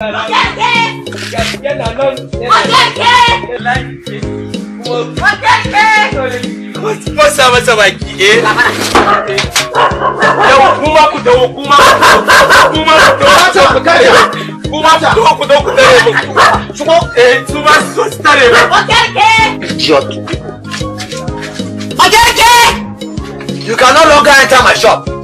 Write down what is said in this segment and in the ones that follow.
Yana masa baki eh. kuma ku dawo kuma kuma ta ku kare. Kuma ku ku dawo ku mu. eh su ba su Idiot. You cannot longer enter my shop.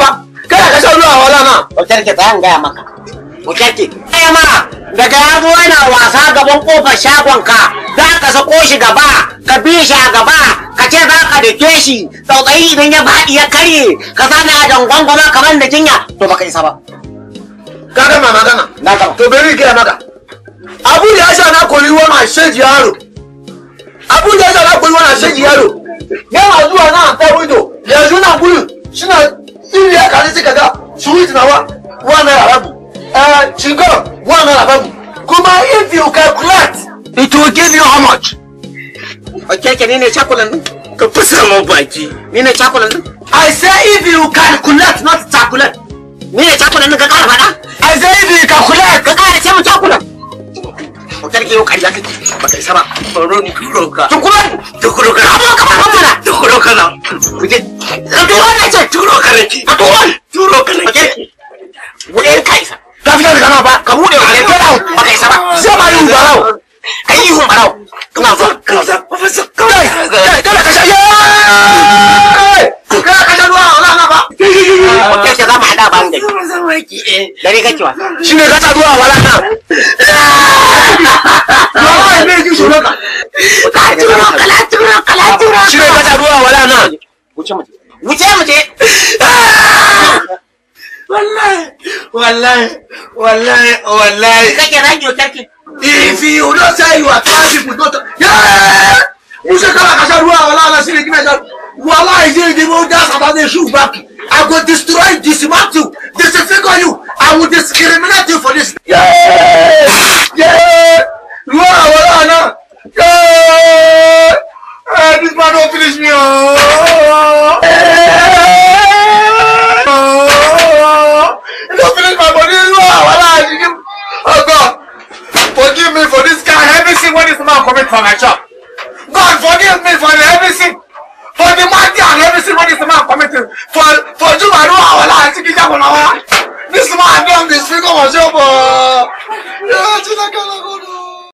fa kada ka shan ruwa wala na wutar ke tsayan gaya maka wutar ke gaya ma daga ya zo yana wasa gaban kofar shagon ka za ka sako shi gaba ka bi shi a gaba ka ce za ka dake shi tsautsayi idan ya faɗi ya karye ka sani a jangon gaba kamar da jinya to baka isa ba ka gama magana na gama to bari gaya maka abu da ya sha na kori a shan yaro abu da ya sha na kori wani asheji yaro yana zuwa na ta wido yanzu na gudu no, no, Babu. Kuma if you calculate, it will give you how much? Okay, can you chocolate? Ka fusa mu baki. Ni ne chocolate? I say if you calculate, not chocolate. Ni ne chocolate ka kara fada? I say if you calculate, ka kara ce mu chocolate. Hotel ke yau kariya kake ba kai sama baro ni kuro ka tukuro tukuro ka amma ka ka na ka ka ne ka ne kai yi hun barau kai wallahi wallahi wallahi wallahi kake kake If you don't say you are trying, people, don't. Yeah! Musa kala kasha ruwa wala na siri kime sa. Wala isi di mo da sa de shoot back. I go destroy, this Matthew. dismount fake on you. I will discriminate you for this. Yeah! Yeah! Ruwa wala na. Yeah! Uh, this man don't finish me. Oh. forgive me for this guy, everything when this man commit for my shop. God forgive me for everything. For the mighty and everything when this man commit For for you I know our life to get This man done this figure was your boy. Yeah,